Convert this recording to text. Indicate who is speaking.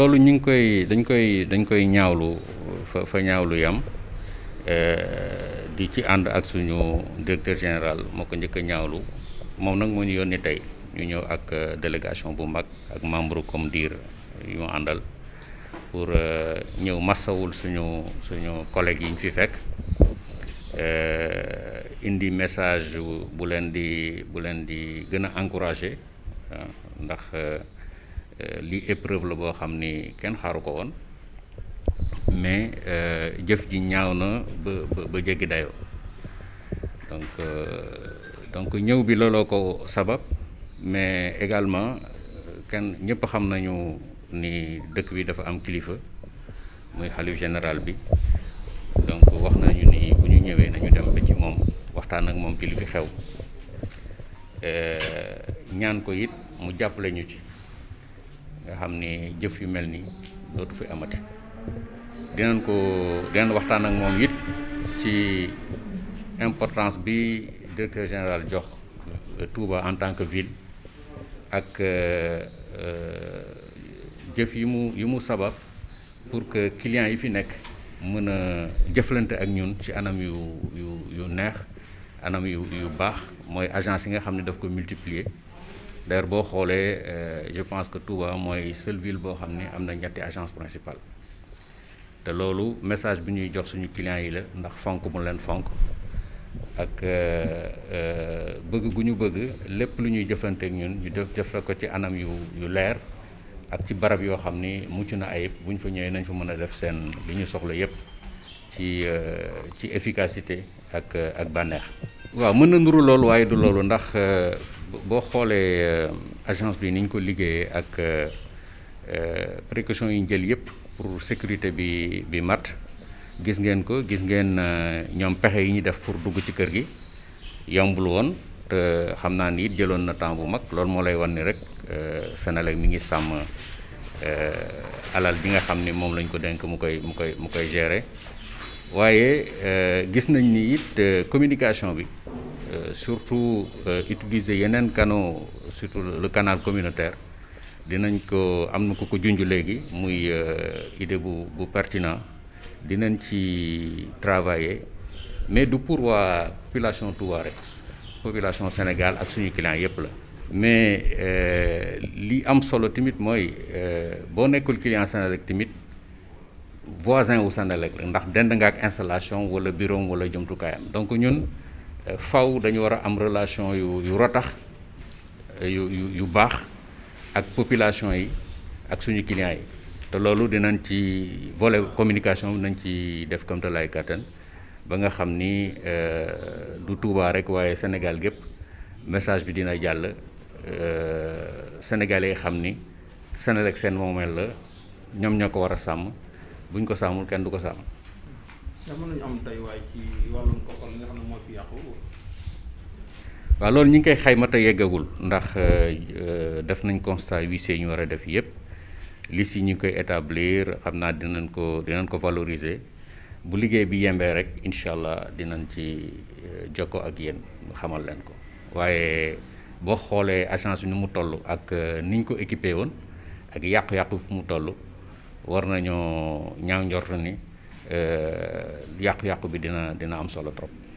Speaker 1: loolu ñu ngi koy dañ koy dañ koy ñaawlu fa fa ñaawlu yam euh, di ci ànd ak suñu directeur général moo ko njëkk a ñaawlu moom nag moo yoon ni tey ñu ñëw ak euh, délégation bu mag ak membre comme diir yu mu àndal pour euh, ñëw massawul suñu suñu collègues yi ñu fi fekk indi message bu leen di bu leen di gën a encourager ndax Euh, lii épreuve la boo xam ni kenn xaaru ko woon mais euh, jëf ji ñaaw na ba ba jéggi dayoo donc euh, donc ñëw bi looloo ko sabab mais également kenn ñëpp xam nañu ni dëkk bi dafa am kilifa muy xalif général bi donc wax nañu ni bu ñu ñëwee nañu dem ba ci moom waxtaan ak moom ci li fi xew ñaan ko it mu jàppale ñu ci. nga xam ni jëf yu mel nii dootu fi amati dinan ko dinañ waxtaan ak moom it ci importance bi directeur général jox Touba en tant que ville ak euh, euh, jëf yi mu yi mu sabab pour que clients yi fi nekk mën a jëflante ak ñun ci anam yu yu yu neex anam yu yu baax mooy agence yi nga xam ne daf ko multiplier d'ailleurs boo xoolee euh, je pense que Touba mooy seule ville boo xam ne am na ñetti agence principale te loolu message bi ñuy jox suñu clients yi la ndax fonk mu leen fonk ak euh, euh, bëgg gu ñu bëgg lépp lu ñuy jëfanteek ñun ñu def jëfla ko ci anam yu yu leer ak ci barab yoo xam ni mucc na ayib bu ñu fa ñëwee nañ fa mën a def seen li ñu soxla yépp ci ci efficacité ak ak bànneex.
Speaker 2: waaw mën na nuru loolu waaye du loolu
Speaker 1: ndax. boo xoolee euh, agence bi ni ñu ko liggéeyee ak euh, euh, précaution yi ñu jël yëpp pour sécurité bi bi mat gis ngeen ko gis ngeen ñoom pexe yi ñu def pour dugg ci kër gi yombul woon te xam naa ni it jëloon na temps bu mag loolu moo lay wan ni rek Senelec mi ngi sàmm alal bi nga xam ni moom lañ ko dénk mu koy mu koy mu koy gérer waaye gis nañ ni it communication bi. Euh, surtout euh, utiliser yeneen kano surtout le canal communautaire dinañ ko am na ku ko junj léegi muy euh, idée bu bu pertinent dinañ ci travailler mais du pour waa population Touba rek population Sénégal ak suñu client yépp la mais li am solo tamit mooy boo nekkul client Senelec tamit voisin wu Senelec la ndax dend nga ak installation wala bureau wala jumtukaayam donc ñun faw dañu war a am relation yu yu rotax yu yu yu baax ak population yi ak suñu clients yi te loolu dinañ ci volet communication nañ ci def comme te lay kàttan ba nga xam ni euh, du Touba rek waaye Sénégal gépp message bi dina jàll euh, sénégalais yi xam ni Senelec seen moomeel la ñoom ñoo ko war a sàmm buñ ko sàmmul kenn du ko sàmm ndax mën xam ñu ngi koy xayma te yeggagul ndax euh, euh, def nañ constat huissier ñu war a def yëpp liste yi ñu koy établir xam naa dinañ ko dinan ko valoriser bu liggéey bi yembee rek incha allah dinañ ci euh, ko ak yéen xamal leen ko waaye boo xoolee agence bi ni mu toll ak ni ñu ko équipé woon ak yàqu-yàqu fu mu toll war nañoo ñaaw njort ni. Euh, yàqu-yàqu bi dina dina am solo trop.